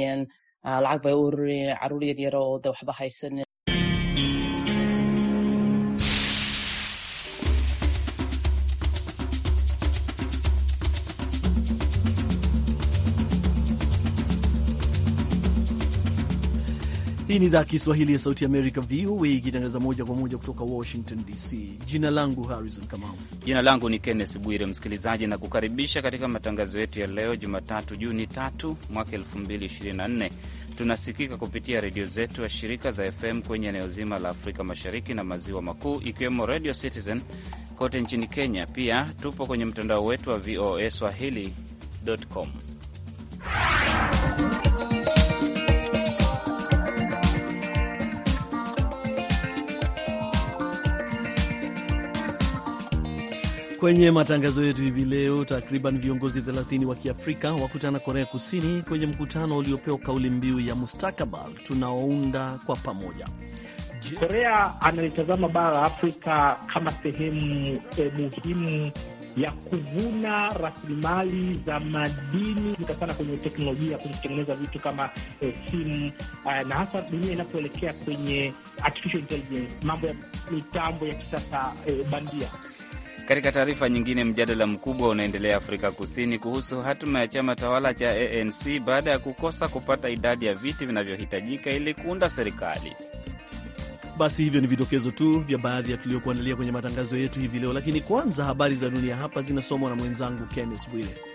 caruuriyeen a uh, lacag bay u ururinayeen caruur de waxba haysanin Hii ni idhaa ya Kiswahili ya Sauti Amerika, VOA, ikitangaza moja kwa moja kutoka Washington DC. Jina langu Harrison Kamau. Jina langu ni Kenneth Bwire. Msikilizaji na kukaribisha katika matangazo yetu ya leo Jumatatu, Juni tatu mwaka 2024. Tunasikika kupitia redio zetu ya shirika za FM kwenye eneo zima la Afrika Mashariki na Maziwa Makuu, ikiwemo Radio Citizen kote nchini Kenya. Pia tupo kwenye mtandao wetu wa VOA swahili.com. Kwenye matangazo yetu hivi leo, takriban viongozi 30 wa Kiafrika wakutana Korea Kusini kwenye mkutano uliopewa kauli mbiu ya mustakabali tunaounda kwa pamoja. Korea analitazama bara la Afrika kama sehemu eh, muhimu ya kuvuna rasilimali za madini sana kwenye teknolojia kutengeneza vitu kama eh, simu eh, na hasa dunia inapoelekea kwenye artificial intelligence, mambo ya mitambo ya kisasa eh, bandia. Katika taarifa nyingine, mjadala mkubwa unaendelea Afrika Kusini kuhusu hatima ya chama tawala cha ANC baada ya kukosa kupata idadi ya viti vinavyohitajika ili kuunda serikali. Basi hivyo ni vidokezo tu vya baadhi ya tuliokuandalia kwenye matangazo yetu hivi leo, lakini kwanza habari za dunia hapa zinasomwa na mwenzangu Kenneth Bwire.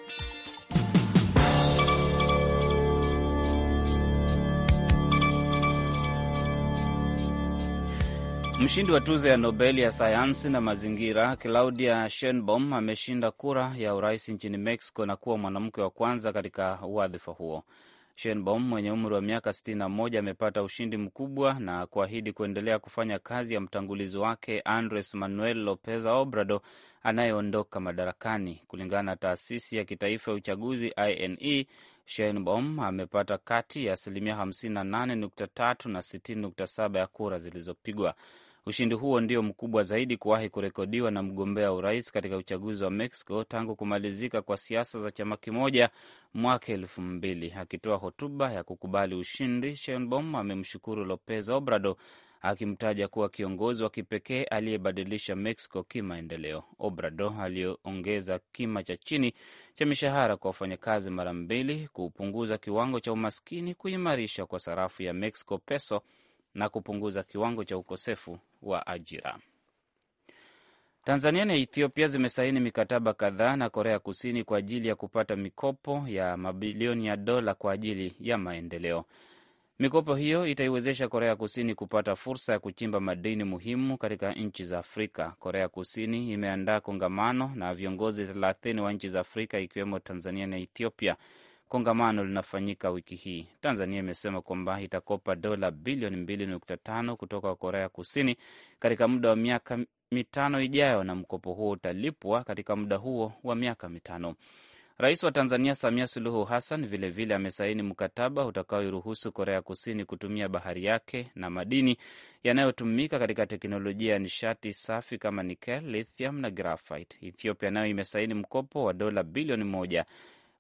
Mshindi wa tuzo ya Nobel ya sayansi na mazingira Claudia Sheinbaum ameshinda kura ya urais nchini Mexico na kuwa mwanamke wa kwanza katika wadhifa huo. Sheinbaum mwenye umri wa miaka 61 amepata ushindi mkubwa na kuahidi kuendelea kufanya kazi ya mtangulizi wake Andres Manuel Lopez Obrador anayeondoka madarakani. Kulingana na taasisi ya kitaifa ya uchaguzi INE, Sheinbaum amepata kati ya asilimia 58.3 na 60.7 ya kura zilizopigwa. Ushindi huo ndio mkubwa zaidi kuwahi kurekodiwa na mgombea urais katika uchaguzi wa Mexico tangu kumalizika kwa siasa za chama kimoja mwaka elfu mbili. Akitoa hotuba ya kukubali ushindi, Sheinbaum amemshukuru Lopez Obrador akimtaja kuwa kiongozi wa kipekee aliyebadilisha Mexico kimaendeleo. Obrador aliyoongeza kima cha chini cha mishahara kwa wafanyakazi mara mbili, kupunguza kiwango cha umaskini, kuimarisha kwa sarafu ya Mexico peso na kupunguza kiwango cha ukosefu wa ajira. Tanzania na Ethiopia zimesaini mikataba kadhaa na Korea Kusini kwa ajili ya kupata mikopo ya mabilioni ya dola kwa ajili ya maendeleo. Mikopo hiyo itaiwezesha Korea Kusini kupata fursa ya kuchimba madini muhimu katika nchi za Afrika. Korea Kusini imeandaa kongamano na viongozi thelathini wa nchi za Afrika ikiwemo Tanzania na Ethiopia kongamano linafanyika wiki hii. Tanzania imesema kwamba itakopa dola bilioni 2.5 kutoka Korea Kusini katika muda wa miaka mitano ijayo, na mkopo huo utalipwa katika muda huo wa miaka mitano. Rais wa Tanzania Samia Suluhu Hassan vilevile amesaini mkataba utakaoiruhusu Korea Kusini kutumia bahari yake na madini yanayotumika katika teknolojia ya nishati safi kama nikel, lithium na grafite. Ethiopia nayo imesaini mkopo wa dola bilioni moja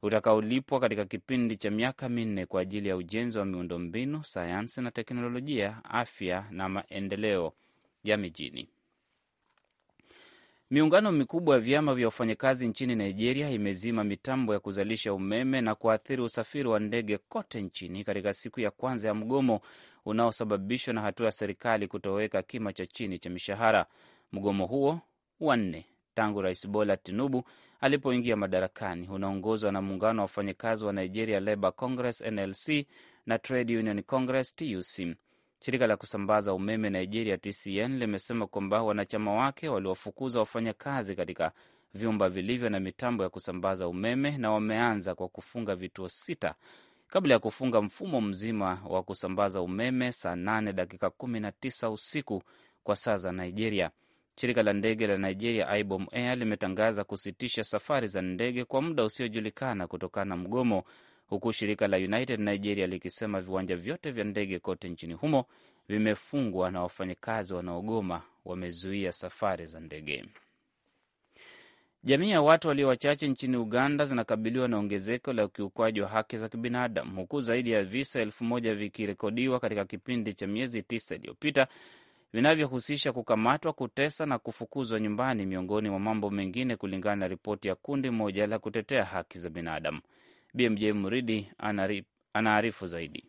utakaolipwa katika kipindi cha miaka minne kwa ajili ya ujenzi wa miundombinu, sayansi na teknolojia, afya na maendeleo ya mijini. Miungano mikubwa ya vyama vya wafanyakazi nchini Nigeria imezima mitambo ya kuzalisha umeme na kuathiri usafiri wa ndege kote nchini katika siku ya kwanza ya mgomo unaosababishwa na hatua ya serikali kutoweka kima cha chini cha mishahara. Mgomo huo wa nne tangu Rais Bola Tinubu alipoingia madarakani, unaongozwa na muungano wa wafanyakazi wa Nigeria Labour Congress NLC na Trade Union Congress TUC. Shirika la kusambaza umeme Nigeria TCN limesema kwamba wanachama wake waliwafukuza wafanyakazi katika vyumba vilivyo na mitambo ya kusambaza umeme na wameanza kwa kufunga vituo sita kabla ya kufunga mfumo mzima wa kusambaza umeme saa 8 dakika 19 usiku kwa saa za Nigeria. Shirika la ndege la Nigeria Ibom Air limetangaza kusitisha safari za ndege kwa muda usiojulikana kutokana na mgomo, huku shirika la United Nigeria likisema viwanja vyote vya ndege kote nchini humo vimefungwa na wafanyakazi wanaogoma wamezuia safari za ndege. Jamii ya watu walio wachache nchini Uganda zinakabiliwa na ongezeko la ukiukwaji wa haki za kibinadamu huku zaidi ya visa elfu moja vikirekodiwa katika kipindi cha miezi tisa iliyopita, vinavyohusisha kukamatwa, kutesa na kufukuzwa nyumbani, miongoni mwa mambo mengine, kulingana na ripoti ya kundi moja la kutetea haki za binadamu. BMJ Muridi anaarifu zaidi.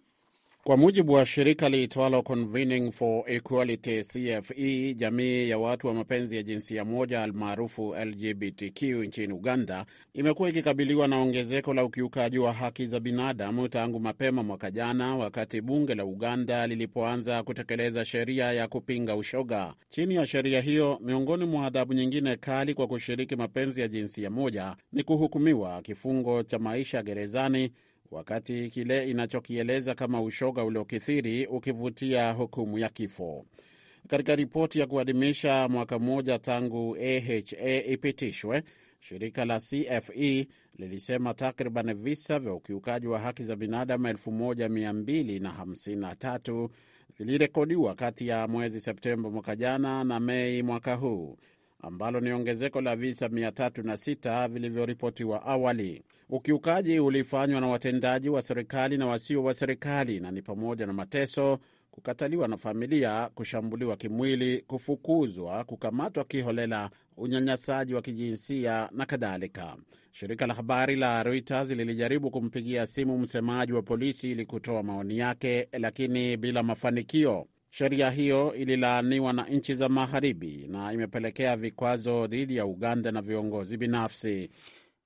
Kwa mujibu wa shirika liitwalo Convening for Equality CFE, jamii ya watu wa mapenzi ya jinsia moja almaarufu LGBTQ nchini Uganda imekuwa ikikabiliwa na ongezeko la ukiukaji wa haki za binadamu tangu mapema mwaka jana, wakati bunge la Uganda lilipoanza kutekeleza sheria ya kupinga ushoga. Chini ya sheria hiyo, miongoni mwa adhabu nyingine kali kwa kushiriki mapenzi ya jinsia moja ni kuhukumiwa kifungo cha maisha gerezani wakati kile inachokieleza kama ushoga uliokithiri ukivutia hukumu ya kifo. Katika ripoti ya kuadhimisha mwaka mmoja tangu AHA ipitishwe, shirika la CFE lilisema takriban visa vya ukiukaji wa haki za binadamu 1253 vilirekodiwa kati ya mwezi Septemba mwaka jana na Mei mwaka huu ambalo ni ongezeko la visa 306 vilivyoripotiwa awali. Ukiukaji ulifanywa na watendaji wa serikali na wasio wa serikali na ni pamoja na mateso, kukataliwa na familia, kushambuliwa kimwili, kufukuzwa, kukamatwa kiholela, unyanyasaji wa kijinsia na kadhalika. Shirika la habari la Reuters lilijaribu kumpigia simu msemaji wa polisi ili kutoa maoni yake, lakini bila mafanikio. Sheria hiyo ililaaniwa na nchi za Magharibi na imepelekea vikwazo dhidi ya Uganda na viongozi binafsi.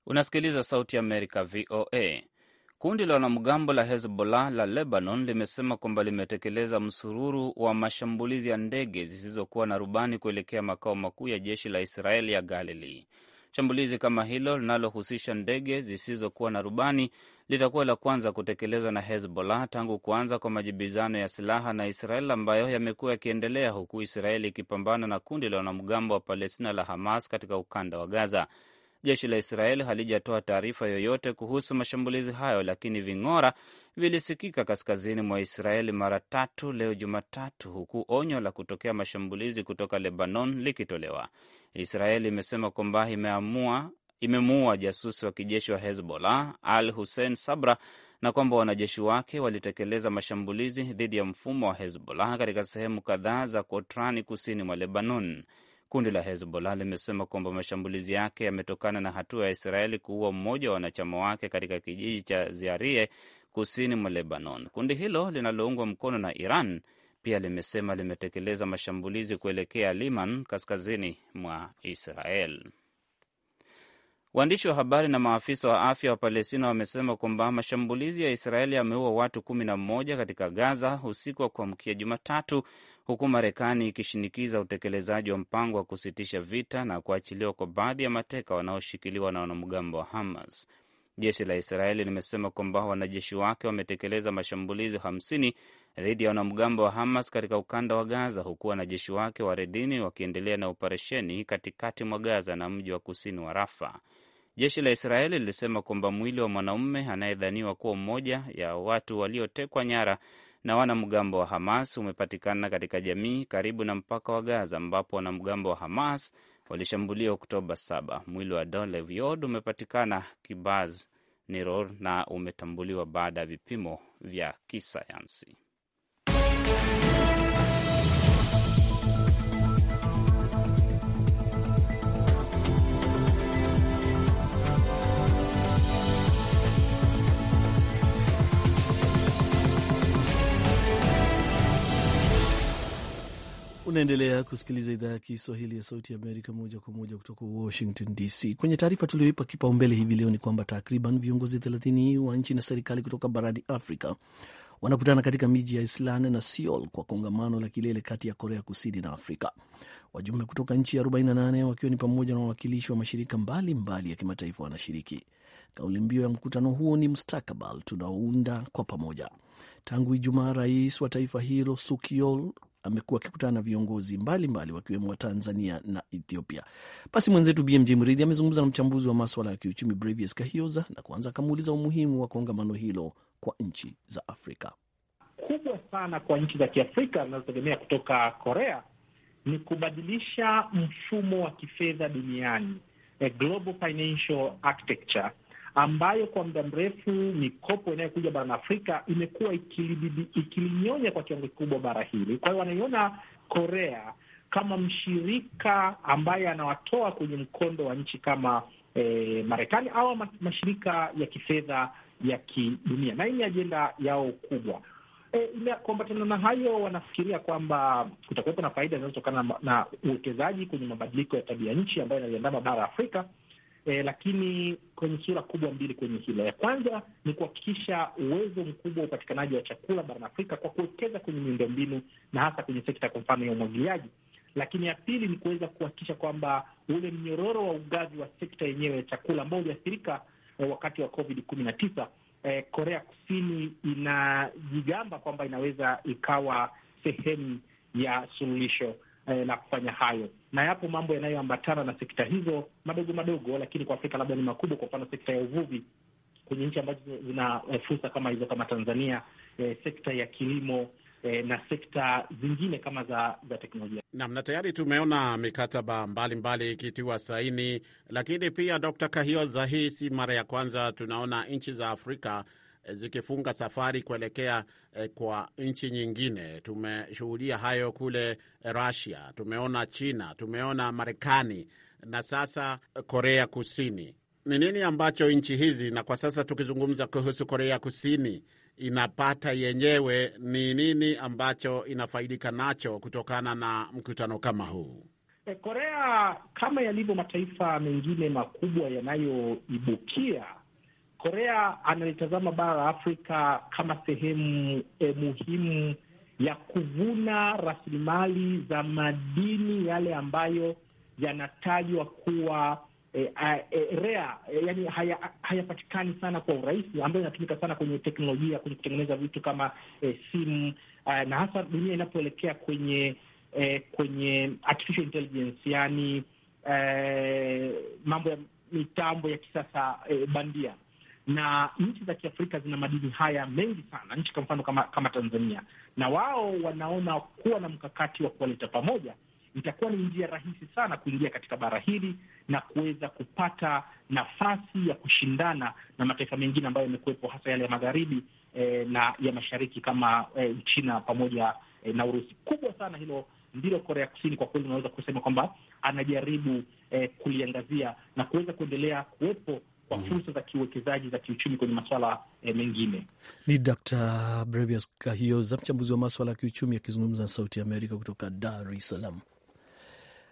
Unasikiliza Sauti Amerika, VOA. Kundi la wanamgambo la Hezbollah la Lebanon limesema kwamba limetekeleza msururu wa mashambulizi ya ndege zisizokuwa na rubani kuelekea makao makuu ya jeshi la Israeli ya Galilei. Shambulizi kama hilo linalohusisha ndege zisizokuwa na rubani litakuwa la kwanza kutekelezwa na Hezbollah tangu kuanza kwa majibizano ya silaha na Israel ambayo yamekuwa yakiendelea huku Israeli ikipambana na kundi la wanamgambo wa Palestina la Hamas katika ukanda wa Gaza. Jeshi la israel halijatoa taarifa yoyote kuhusu mashambulizi hayo, lakini ving'ora vilisikika kaskazini mwa Israeli mara tatu leo Jumatatu, huku onyo la kutokea mashambulizi kutoka Lebanon likitolewa. israel imesema kwamba imeamua imemuua jasusi wa kijeshi wa Hezbollah Al Hussein Sabra na kwamba wanajeshi wake walitekeleza mashambulizi dhidi ya mfumo wa Hezbollah katika sehemu kadhaa za Kotrani kusini mwa Lebanon. Kundi la Hezbollah limesema kwamba mashambulizi yake yametokana na hatua ya Israeli kuua mmoja wa wanachama wake katika kijiji cha Ziarie kusini mwa Lebanon. Kundi hilo linaloungwa mkono na Iran pia limesema limetekeleza mashambulizi kuelekea Liman kaskazini mwa Israel. Waandishi wa habari na maafisa wa afya wa Palestina wamesema kwamba mashambulizi ya Israeli yameua watu kumi na mmoja katika Gaza usiku wa kuamkia Jumatatu, huku Marekani ikishinikiza utekelezaji wa mpango wa kusitisha vita na kuachiliwa kwa baadhi ya mateka wanaoshikiliwa na wanamgambo wa Hamas. Jeshi la Israeli limesema kwamba wanajeshi wake wametekeleza mashambulizi 50 dhidi ya wanamgambo wa Hamas katika ukanda wa Gaza, huku wanajeshi wake wa wakiendelea na operesheni katikati mwa Gaza na mji wa kusini wa Rafa. Jeshi la Israeli lilisema kwamba mwili wa mwanaume anayedhaniwa kuwa mmoja ya watu waliotekwa nyara na wanamgambo wa Hamas umepatikana katika jamii karibu na mpaka wa Gaza, ambapo wanamgambo wa Hamas walishambulia Oktoba 7. Mwili wa Don umepatikana Kibaz Niror na umetambuliwa baada ya vipimo vya kisayansi. Unaendelea kusikiliza idhaa ya Kiswahili ya Sauti ya Amerika moja kwa moja kutoka Washington DC. Kwenye taarifa tulioipa kipaumbele hivi leo ni kwamba takriban viongozi thelathini wa nchi na serikali kutoka barani Afrika wanakutana katika miji ya Islan na Seoul kwa kongamano la kilele kati ya Korea Kusini na Afrika. Wajumbe kutoka nchi 48 wakiwa ni pamoja na wawakilishi wa mashirika mbalimbali mbali ya kimataifa wanashiriki. Kauli mbiu ya mkutano huo ni mustakabali tunaounda kwa pamoja. Tangu Ijumaa, rais wa taifa hilo Sukiol amekuwa akikutana na viongozi mbalimbali wakiwemo wa Tanzania na Ethiopia. Basi mwenzetu BMJ Mridhi amezungumza na mchambuzi wa maswala ya kiuchumi Brevius Kahioza na kwanza akamuuliza umuhimu wa kongamano hilo kwa nchi za Afrika. Kubwa sana kwa nchi za Kiafrika zinazotegemea kutoka Korea ni kubadilisha mfumo wa kifedha duniani, a global financial architecture ambayo kwa muda mrefu mikopo inayokuja barani Afrika imekuwa ikilinyonya kwa kiwango kikubwa bara hili. Kwa hiyo wanaiona Korea kama mshirika ambaye anawatoa kwenye mkondo wa nchi kama eh, Marekani au mashirika ya kifedha ya kidunia, na hii ni ajenda yao kubwa. E, kuambatana na hayo wanafikiria kwamba kutakuwepo na faida zinazotokana na uwekezaji kwenye mabadiliko ya tabia nchi ambayo inaliandama bara Afrika, e, lakini kwenye sura kubwa mbili kwenye hilo. Ya kwanza ni kuhakikisha uwezo mkubwa wa upatikanaji wa chakula barani Afrika kwa kuwekeza kwenye miundombinu na hasa kwenye sekta kwa mfano ya umwagiliaji, lakini ya pili ni kuweza kuhakikisha kwamba ule mnyororo wa ugavi wa sekta yenyewe ya chakula ambao uliathirika eh, wakati wa Covid kumi na tisa. Eh, Korea Kusini inajigamba kwamba inaweza ikawa sehemu ya suluhisho eh, la kufanya hayo, na yapo mambo yanayoambatana na sekta hizo madogo madogo, lakini kwa Afrika labda ni makubwa. Kwa mfano sekta ya uvuvi kwenye nchi ambazo zina eh, fursa kama hizo kama Tanzania, eh, sekta ya kilimo eh, na sekta zingine kama za za teknolojia nam. Na tayari tumeona mikataba mbalimbali ikitiwa saini, lakini pia Dkt. Kahioza, hii si mara ya kwanza tunaona nchi za Afrika zikifunga safari kuelekea eh, kwa nchi nyingine. Tumeshuhudia hayo kule eh, Russia, tumeona China, tumeona Marekani na sasa eh, Korea Kusini. Ni nini ambacho nchi hizi, na kwa sasa tukizungumza kuhusu Korea Kusini, inapata yenyewe? Ni nini ambacho inafaidika nacho kutokana na mkutano kama huu? Korea kama yalivyo mataifa mengine makubwa yanayoibukia Korea analitazama bara la Afrika kama sehemu eh, muhimu ya kuvuna rasilimali za madini yale ambayo yanatajwa kuwa eh, eh, rea eh, yani hayapatikani haya sana kwa urahisi, ambayo inatumika sana kwenye teknolojia, kwenye kutengeneza vitu kama eh, simu eh, na hasa dunia inapoelekea kwenye eh, kwenye artificial intelligence, yani eh, mambo ya mitambo ya kisasa eh, bandia na nchi za Kiafrika zina madini haya mengi sana, nchi kwa mfano kama kama Tanzania, na wao wanaona kuwa na mkakati wa kuwaleta pamoja itakuwa ni njia rahisi sana kuingia katika bara hili na kuweza kupata nafasi ya kushindana na mataifa mengine ambayo yamekuwepo, hasa yale ya magharibi eh, na ya mashariki kama eh, China pamoja eh, na Urusi. Kubwa sana hilo ndilo Korea Kusini kwa kweli unaweza kusema kwamba anajaribu eh, kuliangazia na kuweza kuendelea kuwepo kwa mm-hmm. fursa za kiuwekezaji za kiuchumi kwenye maswala eh, mengine. Ni Dr. Brevius Kahioza, mchambuzi wa maswala ya kiuchumi akizungumza na Sauti ya Amerika kutoka Dar es Salaam.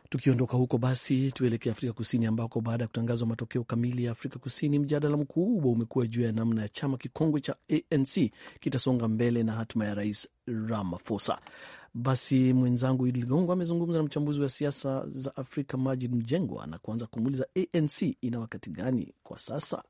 Tukiondoka huko basi, tuelekee Afrika Kusini ambako baada ya kutangazwa matokeo kamili ya Afrika Kusini, mjadala mkubwa umekuwa juu ya namna ya chama kikongwe cha ANC kitasonga mbele na hatima ya Rais Ramaphosa. Basi mwenzangu Idi Ligongo amezungumza na mchambuzi wa siasa za Afrika Majid Mjengwa na kuanza kumuuliza ANC ina wakati gani kwa sasa?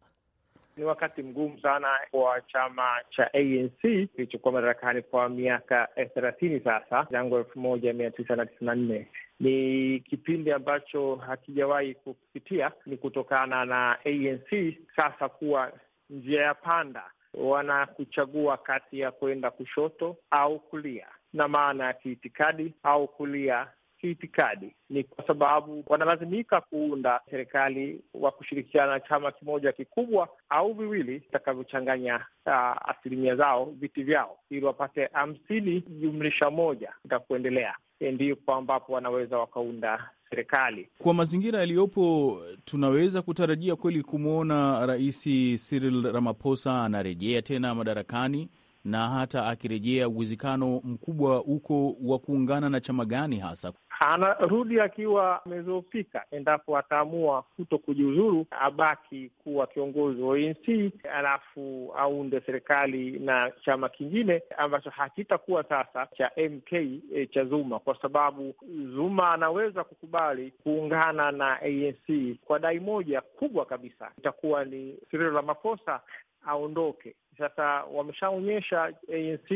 Ni wakati mgumu sana kwa chama cha ANC kilichokuwa madarakani kwa miaka eh, thelathini sasa tangu elfu moja mia tisa na tisini na nne ni kipindi ambacho hakijawahi kupitia. Ni kutokana na ANC sasa kuwa njia ya panda, wanakuchagua kati ya kwenda kushoto au kulia na maana ya kiitikadi au kulia kiitikadi ni kwa sababu wanalazimika kuunda serikali wa kushirikiana na chama kimoja kikubwa au viwili vitakavyochanganya uh, asilimia zao viti vyao ili wapate hamsini jumlisha moja ta kuendelea, e, ndipo ambapo wanaweza wakaunda serikali. Kwa mazingira yaliyopo, tunaweza kutarajia kweli kumwona Rais Cyril Ramaphosa anarejea tena madarakani na hata akirejea, uwezekano mkubwa uko wa kuungana na chama gani hasa? Anarudi akiwa amezofika, endapo ataamua kuto kujiuzuru, abaki kuwa kiongozi wa ANC alafu aunde serikali na chama kingine ambacho hakitakuwa sasa cha MK e, eh, cha Zuma, kwa sababu Zuma anaweza kukubali kuungana na ANC kwa dai moja kubwa kabisa, itakuwa ni Cyril Ramaphosa aondoke sasa wameshaonyesha ANC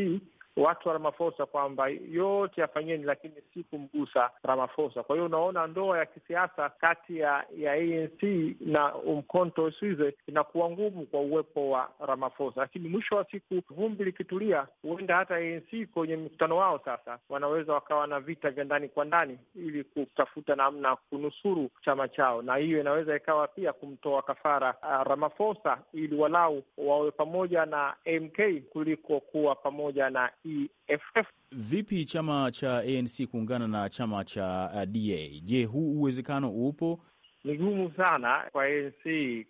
watu wa ramafosa kwamba yote yafanyeni, lakini si kumgusa ramafosa Kwa hiyo unaona ndoa ya kisiasa kati ya ya ANC na Umkhonto we Sizwe inakuwa ngumu kwa uwepo wa ramafosa lakini mwisho wa siku vumbi likitulia, huenda hata ANC kwenye mkutano wao sasa wanaweza wakawa na vita vya ndani kwa ndani ili kutafuta namna kunusuru chama chao, na hiyo inaweza ikawa pia kumtoa kafara uh, Ramafosa ili walau wawe pamoja na MK kuliko kuwa pamoja na TFF. Vipi chama cha ANC kuungana na chama cha uh, DA? Je, huu uwezekano upo ni gumu sana kwa ANC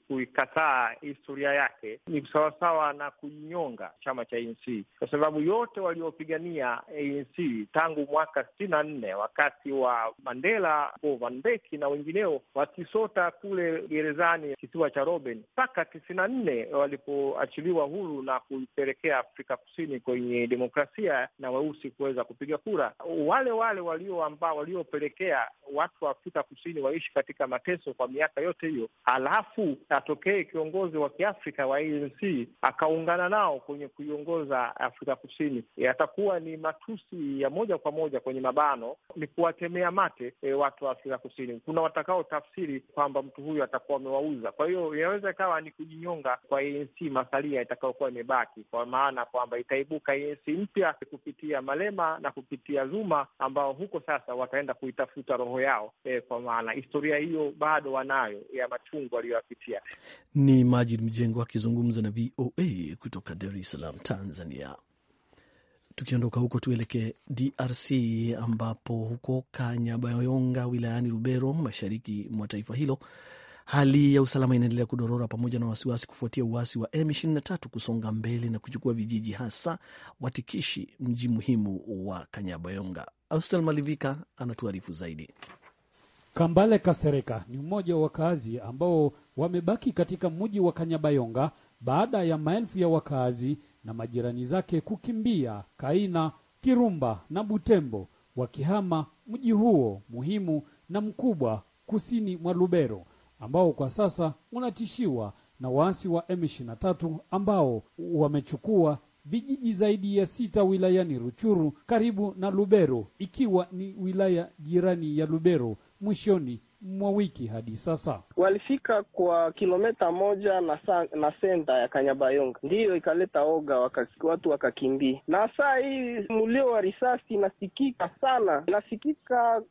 kuikataa historia yake, ni sawasawa na kuinyonga chama cha ANC kwa sababu yote waliopigania ANC tangu mwaka sitini na nne wakati wa Mandela, vanbeki Van na wengineo wakisota kule gerezani kisiwa cha Robben mpaka tisini na nne walipoachiliwa huru na kuipelekea Afrika Kusini kwenye demokrasia na weusi kuweza kupiga kura, wale wale walio ambao waliopelekea watu wa Afrika Kusini waishi katika mateso Yesu kwa miaka yote hiyo, alafu atokee kiongozi wa kiafrika wa ANC akaungana nao kwenye kuiongoza Afrika Kusini, yatakuwa e, ni matusi ya moja kwa moja kwenye mabano, ni kuwatemea mate e, watu wa Afrika Kusini. Kuna watakao tafsiri kwamba mtu huyu atakuwa amewauza. Kwa hiyo inaweza ikawa ni kujinyonga kwa ANC masalia itakayokuwa imebaki, kwa maana kwamba itaibuka ANC mpya kupitia Malema na kupitia Zuma, ambao huko sasa wataenda kuitafuta roho yao e, kwa maana historia hiyo bado wanayo ya machungu waliyoyapitia. Ni Majid Mjengo akizungumza na VOA kutoka Dar es Salaam, Tanzania. Tukiondoka huko tuelekee DRC ambapo huko Kanyabayonga wilayani Rubero, mashariki mwa taifa hilo, hali ya usalama inaendelea kudorora pamoja na wasiwasi kufuatia uasi wa M23 kusonga mbele na kuchukua vijiji hasa Watikishi, mji muhimu wa Kanyabayonga. Austel Malivika anatuarifu zaidi. Kambale Kasereka ni mmoja wa wakaazi ambao wamebaki katika mji wa Kanyabayonga baada ya maelfu ya wakaazi na majirani zake kukimbia Kaina, Kirumba na Butembo wakihama mji huo muhimu na mkubwa kusini mwa Lubero ambao kwa sasa unatishiwa na waasi wa M23 ambao wamechukua vijiji zaidi ya sita wilayani Ruchuru karibu na Lubero ikiwa ni wilaya jirani ya Lubero mwishoni mwa wiki hadi sasa walifika kwa kilomita moja na, sa, na senta ya Kanyabayonga, ndiyo ikaleta oga waka, watu wakakimbia. Na saa hii mulio wa risasi inasikika sana, inasikika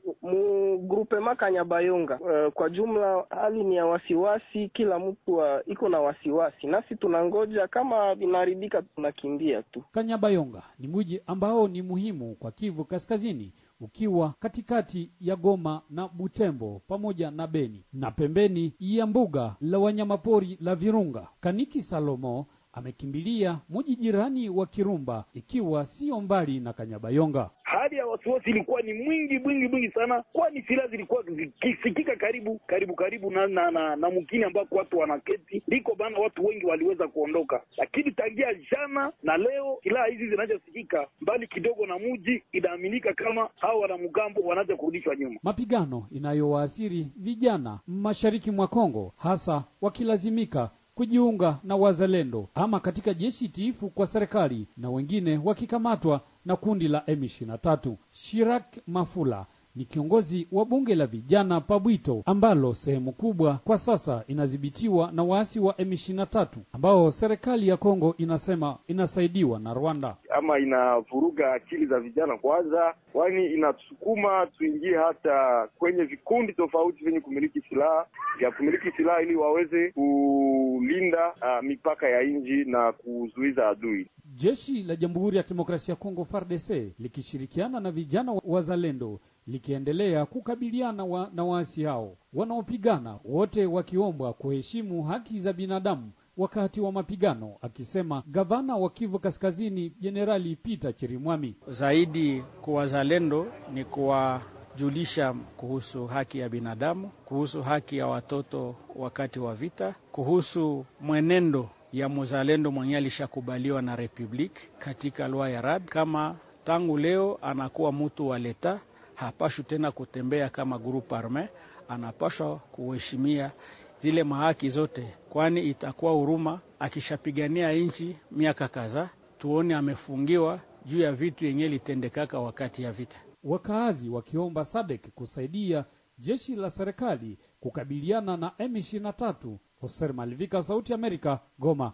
ma Kanyabayonga. Uh, kwa jumla hali ni ya wasiwasi, kila mtu iko na wasiwasi, nasi tunangoja kama vinaharibika, tunakimbia tu. Kanyabayonga ni mji ambao ni muhimu kwa Kivu Kaskazini ukiwa katikati ya Goma na Butembo pamoja na Beni na pembeni ya mbuga la wanyamapori la Virunga. Kaniki Salomo amekimbilia mji jirani wa Kirumba, ikiwa sio mbali na Kanyabayonga. Hali ya wasiwasi ilikuwa ni mwingi mwingi mwingi sana, kwani silaha zilikuwa zikisikika karibu karibu karibu na na, na, na mkini ambako watu wanaketi liko bana, watu wengi waliweza kuondoka, lakini tangia jana na leo silaha hizi zinazosikika mbali kidogo na mji, inaaminika kama hao wanamgambo wanaanza kurudishwa nyuma. Mapigano inayowaasiri vijana mashariki mwa Kongo, hasa wakilazimika kujiunga na wazalendo ama katika jeshi tiifu kwa serikali na wengine wakikamatwa na kundi la M23. Shirak Mafula ni kiongozi wa bunge la vijana Pabwito, ambalo sehemu kubwa kwa sasa inadhibitiwa na waasi wa M23 ambao serikali ya Kongo inasema inasaidiwa na Rwanda. Ama inavuruga akili za vijana kwanza, kwani inatusukuma tuingie hata kwenye vikundi tofauti vyenye kumiliki silaha ya kumiliki silaha ili waweze kulinda uh, mipaka ya nchi na kuzuiza adui. Jeshi la Jamhuri ya Kidemokrasia ya Kongo FARDC likishirikiana na vijana wazalendo likiendelea kukabiliana wa, na waasi hao wanaopigana, wote wakiombwa kuheshimu haki za binadamu wakati wa mapigano, akisema gavana wa Kivu Kaskazini Jenerali Peter Chirimwami. Zaidi kuwazalendo ni ni kuwajulisha kuhusu haki ya binadamu, kuhusu haki ya watoto wakati wa vita, kuhusu mwenendo ya muzalendo mwenyewe alishakubaliwa na republiki katika lwa ya rad kama tangu leo anakuwa mtu wa leta hapashwi tena kutembea kama group arme, anapashwa kuheshimia zile mahaki zote, kwani itakuwa huruma akishapigania nchi miaka kadhaa, tuone amefungiwa juu ya vitu yenye litendekaka wakati ya vita. Wakaazi wakiomba Sadek kusaidia jeshi la serikali kukabiliana na M23. Hoser Malivika, Sauti Amerika, Goma.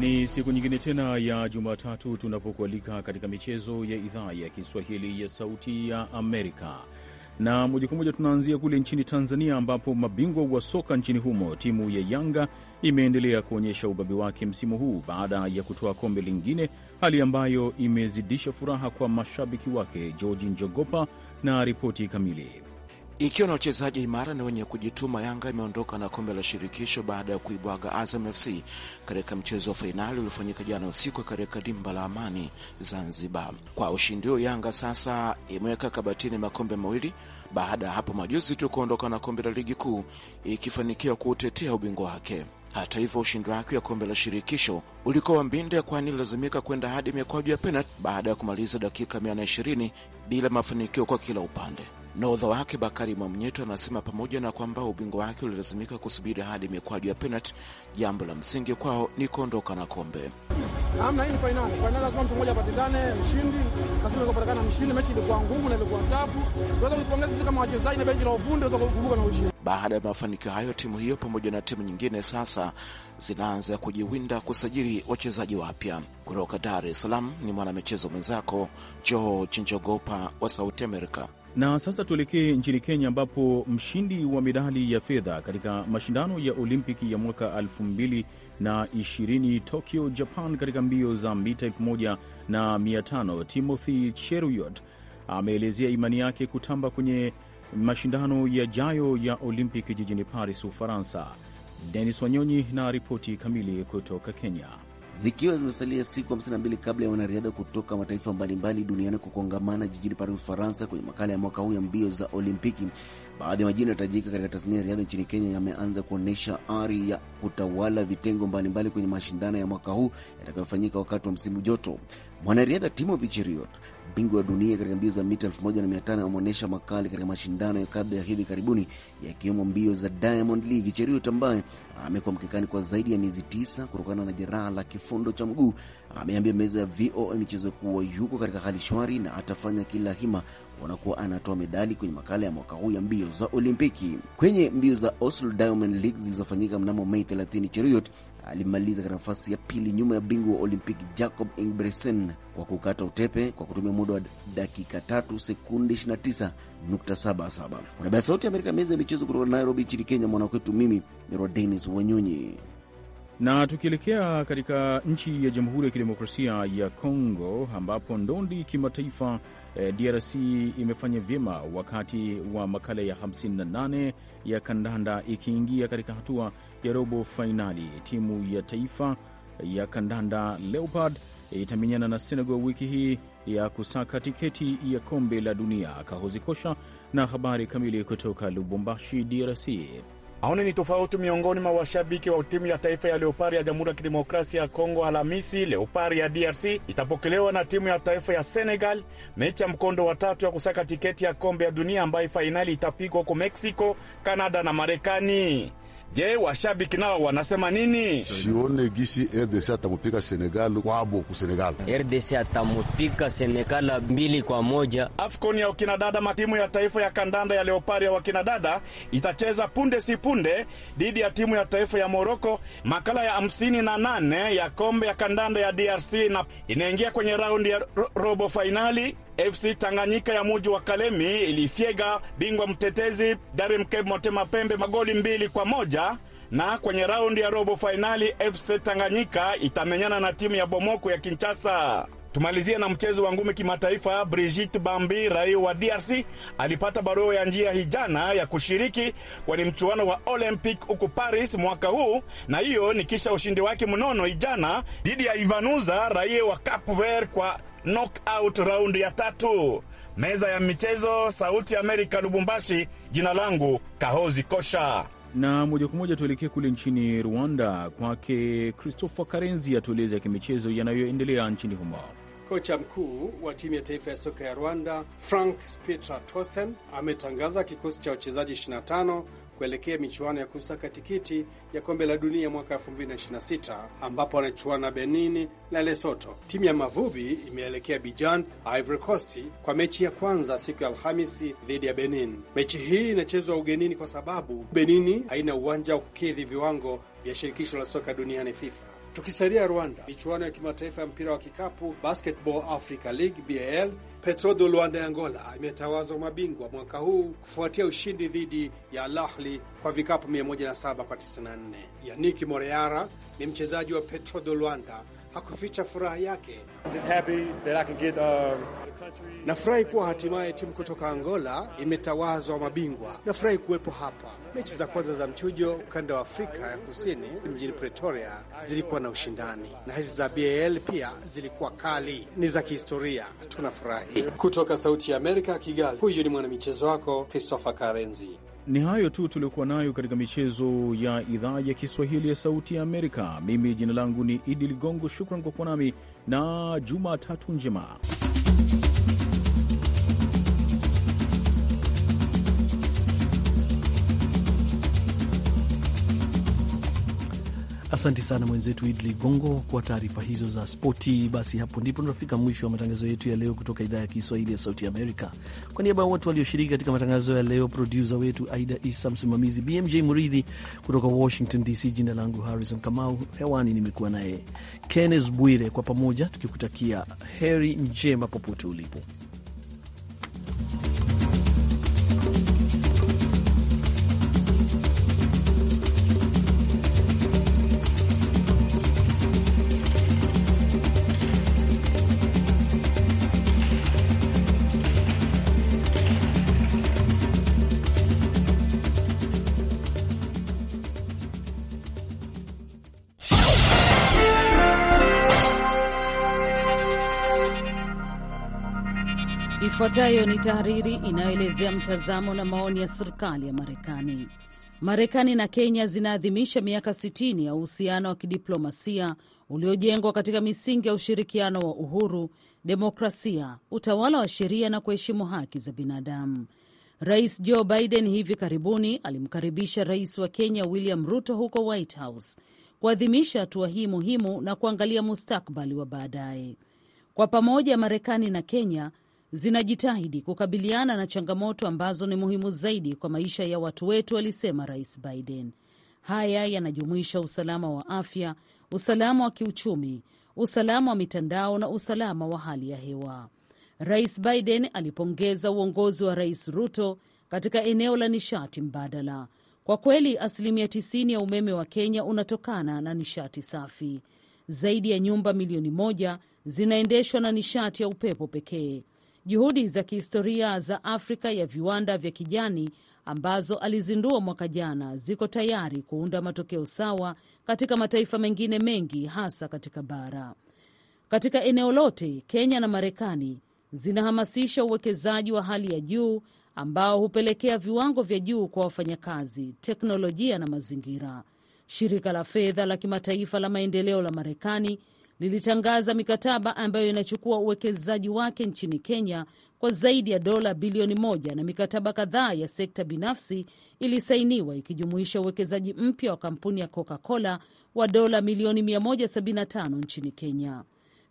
Ni siku nyingine tena ya Jumatatu tunapokualika katika michezo ya idhaa ya Kiswahili ya Sauti ya Amerika, na moja kwa moja tunaanzia kule nchini Tanzania, ambapo mabingwa wa soka nchini humo timu ya Yanga imeendelea kuonyesha ubabe wake msimu huu baada ya kutoa kombe lingine, hali ambayo imezidisha furaha kwa mashabiki wake. Georgi Njogopa na ripoti kamili. Ikiwa na wachezaji imara na wenye kujituma, Yanga imeondoka na kombe la shirikisho baada ya kuibwaga Azam FC katika mchezo wa fainali uliofanyika jana usiku katika dimba la Amani, Zanzibar. Kwa ushindi huo, Yanga sasa imeweka kabatini makombe mawili baada ya hapo majuzi tu kuondoka na kombe la ligi kuu, ikifanikiwa kuutetea ubingwa wake. Hata hivyo ushindi wake wa kombe la shirikisho ulikuwa wa mbinde, kwani ililazimika kwenda hadi mikwaju ya penalti baada ya kumaliza dakika 120 bila mafanikio kwa kila upande. Nahodha wake Bakari Mwamnyeto anasema pamoja na kwamba ubingwa wake ulilazimika kusubiri hadi mikwaju ya penati, jambo la msingi kwao ni kuondoka na kombe. hii ni fainali. Fainali lazima mtu mmoja apatikane mshindi, na sisi mshindi. Mechi ilikuwa ngumu na ilikuwa tafu, tunaweza kuipongeza sisi kama wachezaji na benchi la ufundi, na ushindi. Baada ya mafanikio hayo, timu hiyo pamoja na timu nyingine sasa zinaanza kujiwinda kusajili wachezaji wapya. Kutoka Dar es Salaam ni mwanamichezo mwenzako Joe Chinjogopa wa Sauti Amerika. Na sasa tuelekee nchini Kenya ambapo mshindi wa medali ya fedha katika mashindano ya Olimpiki ya mwaka 2020 Tokyo, Japan, katika mbio za mita 1500 Timothy Cheruiyot ameelezea imani yake kutamba kwenye mashindano yajayo ya Olimpiki jijini Paris, Ufaransa. Denis Wanyonyi na ripoti kamili kutoka Kenya zikiwa zimesalia siku 52 kabla ya wanariadha kutoka mataifa mbalimbali duniani kukongamana jijini Paris, Ufaransa, kwenye makala ya mwaka huu ya mbio za Olimpiki. Baadhi ya majina yatajika katika tasnia ya riadha nchini Kenya yameanza kuonyesha ari ya kutawala vitengo mbalimbali kwenye mashindano ya mwaka huu yatakayofanyika wakati wa msimu joto. Mwanariadha Timothy Cheriot Bingwa wa dunia katika mbio za mita 1500 ameonyesha makali katika mashindano ya kabla ya hivi karibuni yakiwemo mbio za Diamond League. Cheruiyot ambaye amekuwa mkekani kwa zaidi ya miezi tisa kutokana na jeraha la kifundo cha mguu ameambia meza ya VOA michezo kuwa yuko katika hali shwari na atafanya kila hima kuona kuwa anatoa medali kwenye makala ya mwaka huu ya mbio za Olimpiki. Kwenye mbio za Oslo Diamond League zilizofanyika mnamo Mei 30, Cheruiyot alimaliza katika nafasi ya pili nyuma ya bingwa wa Olympic Jacob ingbresen kwa kukata utepe kwa kutumia muda wa dakika tatu sekunde 29.77. Kuna bea Sauti ya Amerika, meza ya michezo kutoka Nairobi nchini Kenya, mwanakwetu mimi Merwa Denis Wanyonyi. Na tukielekea katika nchi ya Jamhuri ya Kidemokrasia ya Kongo ambapo ndondi kimataifa eh, DRC imefanya vyema wakati wa makala ya 58 ya kandanda ikiingia katika hatua ya robo fainali. Timu ya taifa eh, ya kandanda Leopard eh, itamenyana na Senegal wiki hii ya kusaka tiketi ya kombe la dunia. Kahozi Kosha na habari kamili kutoka Lubumbashi, DRC. Maoni ni tofauti miongoni mwa washabiki wa timu ya taifa ya Leopari ya Jamhuri ya Kidemokrasia ya Kongo. Alhamisi, Leopari ya DRC itapokelewa na timu ya taifa ya Senegal, mechi ya mkondo wa tatu ya kusaka tiketi ya kombe ya dunia ambayo fainali itapigwa huko Meksiko, Kanada na Marekani. Je, washabiki nao wanasema nini? Sione gisi RDC atamupika Senegal kwabo ku Senegal. RDC atamupika Senegal mbili kwa moja. Afkoni ya wakinadada matimu ya taifa ya kandanda ya Leopari ya wakinadada itacheza punde si punde dhidi ya timu ya taifa ya Moroko. Makala ya hamsini na nane ya kombe ya kandanda ya DRC na inaingia kwenye raundi ya robo fainali. FC Tanganyika ya muji wa Kalemi ilifyega bingwa mtetezi Darimke Motema Pembe magoli mbili kwa moja na kwenye raundi ya robo fainali FC Tanganyika itamenyana na timu ya Bomoko ya Kinshasa. Tumalizia na mchezo wa ngumi kimataifa. Brigitte Bambi, raia wa DRC, alipata barua ya njia hijana ya kushiriki kwenye mchuano wa Olympic huku Paris mwaka huu, na hiyo ni kisha ushindi wake mnono hijana dhidi ya Ivanuza, raia wa Cape Verde kwa knockout raundi ya tatu. Meza ya michezo, Sauti Amerika, Lubumbashi. Jina langu Kahozi Kosha na moja kwa moja tuelekee kule nchini Rwanda kwake Christopher Karenzi atueleze ya kimichezo yanayoendelea nchini humo. Kocha mkuu wa timu ya taifa ya soka ya Rwanda Frank Spitra Tosten ametangaza kikosi cha wachezaji 25 kuelekea michuano ya kusaka tikiti ya kombe la dunia mwaka 2026 ambapo wanachuana Benini na Lesoto. Timu ya Mavubi imeelekea Bijan, Ivory Coast kwa mechi ya kwanza siku ya Alhamisi dhidi ya Benin. Mechi hii inachezwa ugenini kwa sababu Benini haina uwanja wa kukidhi viwango vya shirikisho la soka duniani FIFA. Tukisalia Rwanda, michuano ya kimataifa ya mpira wa kikapu Basketball Africa League BAL, Petrodo Luanda ya Angola imetawazwa mabingwa mwaka huu kufuatia ushindi dhidi ya Lahli kwa vikapu 107 kwa 94. yaniki moreara ni mchezaji wa petro do Luanda hakuficha furaha yake. Um, nafurahi kuwa hatimaye timu kutoka Angola imetawazwa mabingwa. Nafurahi kuwepo hapa. Mechi za kwanza za mchujo ukanda wa Afrika ya Kusini mjini Pretoria zilikuwa na ushindani, na hizi za BAL pia zilikuwa kali, ni za kihistoria. Tunafurahi. Kutoka Sauti ya Amerika, Kigali, huyu ni mwanamichezo wako Christopher Karenzi. Ni hayo tu tuliokuwa nayo katika michezo ya idhaa ya Kiswahili ya Sauti ya Amerika. Mimi jina langu ni Idi Ligongo, shukran kwa kuwa nami na Jumatatu njema. Asante sana mwenzetu Idli Gongo kwa taarifa hizo za spoti. Basi hapo ndipo tunafika mwisho wa matangazo yetu ya leo kutoka idhaa ya Kiswahili ya Sauti Amerika. Kwa niaba ya wote walioshiriki katika matangazo ya leo, produsa wetu Aida Isa, msimamizi BMJ Muridhi kutoka Washington DC, jina langu Harrison Kamau, hewani nimekuwa naye Kennes Bwire, kwa pamoja tukikutakia heri njema popote ulipo. Ifuatayo ni tahariri inayoelezea mtazamo na maoni ya serikali ya Marekani. Marekani na Kenya zinaadhimisha miaka 60 ya uhusiano wa kidiplomasia uliojengwa katika misingi ya ushirikiano wa uhuru, demokrasia, utawala wa sheria na kuheshimu haki za binadamu. Rais Joe Biden hivi karibuni alimkaribisha rais wa Kenya William Ruto huko White House kuadhimisha hatua hii muhimu na kuangalia mustakbali wa baadaye. Kwa pamoja, Marekani na Kenya zinajitahidi kukabiliana na changamoto ambazo ni muhimu zaidi kwa maisha ya watu wetu, alisema Rais Biden. Haya yanajumuisha usalama wa afya, usalama wa kiuchumi, usalama wa mitandao na usalama wa hali ya hewa. Rais Biden alipongeza uongozi wa Rais Ruto katika eneo la nishati mbadala. Kwa kweli, asilimia 90 ya umeme wa Kenya unatokana na nishati safi. Zaidi ya nyumba milioni moja zinaendeshwa na nishati ya upepo pekee juhudi za kihistoria za Afrika ya viwanda vya kijani ambazo alizindua mwaka jana ziko tayari kuunda matokeo sawa katika mataifa mengine mengi hasa katika bara. Katika eneo lote, Kenya na Marekani zinahamasisha uwekezaji wa hali ya juu ambao hupelekea viwango vya juu kwa wafanyakazi, teknolojia na mazingira. Shirika la fedha la kimataifa la maendeleo la Marekani lilitangaza mikataba ambayo inachukua uwekezaji wake nchini Kenya kwa zaidi ya dola bilioni moja na mikataba kadhaa ya sekta binafsi ilisainiwa ikijumuisha uwekezaji mpya wa kampuni ya Coca-Cola wa dola milioni 175 nchini Kenya.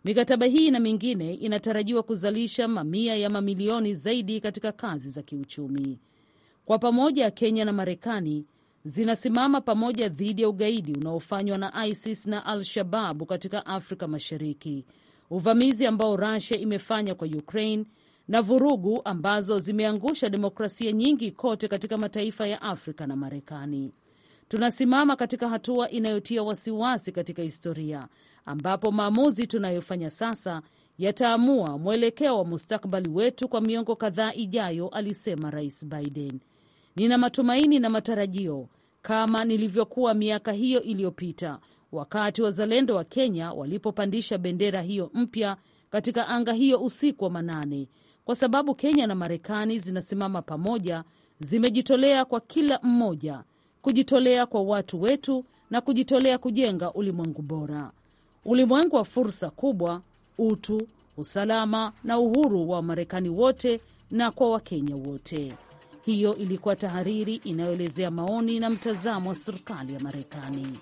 Mikataba hii na mingine inatarajiwa kuzalisha mamia ya mamilioni zaidi katika kazi za kiuchumi. Kwa pamoja, Kenya na Marekani zinasimama pamoja dhidi ya ugaidi unaofanywa na ISIS na Al-Shababu katika Afrika Mashariki, uvamizi ambao Russia imefanya kwa Ukraine na vurugu ambazo zimeangusha demokrasia nyingi kote katika mataifa ya Afrika na Marekani. Tunasimama katika hatua inayotia wasiwasi katika historia, ambapo maamuzi tunayofanya sasa yataamua mwelekeo wa mustakabali wetu kwa miongo kadhaa ijayo, alisema Rais Biden. Nina matumaini na matarajio kama nilivyokuwa miaka hiyo iliyopita wakati wazalendo wa Kenya walipopandisha bendera hiyo mpya katika anga hiyo usiku wa manane, kwa sababu Kenya na Marekani zinasimama pamoja, zimejitolea kwa kila mmoja, kujitolea kwa watu wetu na kujitolea kujenga ulimwengu bora, ulimwengu wa fursa kubwa, utu, usalama na uhuru wa marekani wote na kwa Wakenya wote. Hiyo ilikuwa tahariri inayoelezea maoni na mtazamo wa serikali ya Marekani.